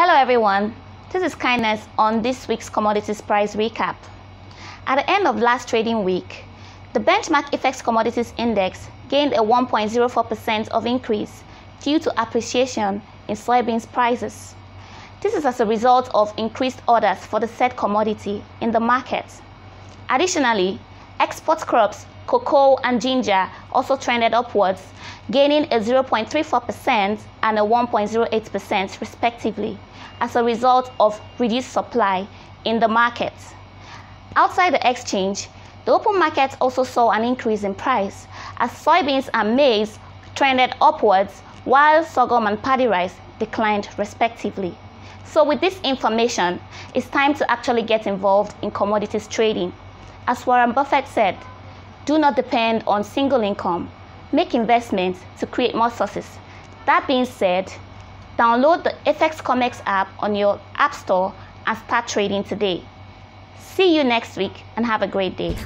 Hello everyone, this is Kindness on this week's commodities price recap. At the end of last trading week, the benchmark FX commodities index gained a 1.04% of increase due to appreciation in soybeans prices. This is as a result of increased orders for the said commodity in the market. Additionally, Export crops, cocoa and ginger, also trended upwards, gaining a 0.34% and a 1.08% respectively, as a result of reduced supply in the market. Outside the exchange, the open market also saw an increase in price, as soybeans and maize trended upwards, while sorghum and paddy rice declined respectively. So with this information, it's time to actually get involved in commodities trading. As Warren Buffett said, do not depend on single income. Make investments to create more sources. That being said, download the FX Comex app on your App Store and start trading today. See you next week and have a great day.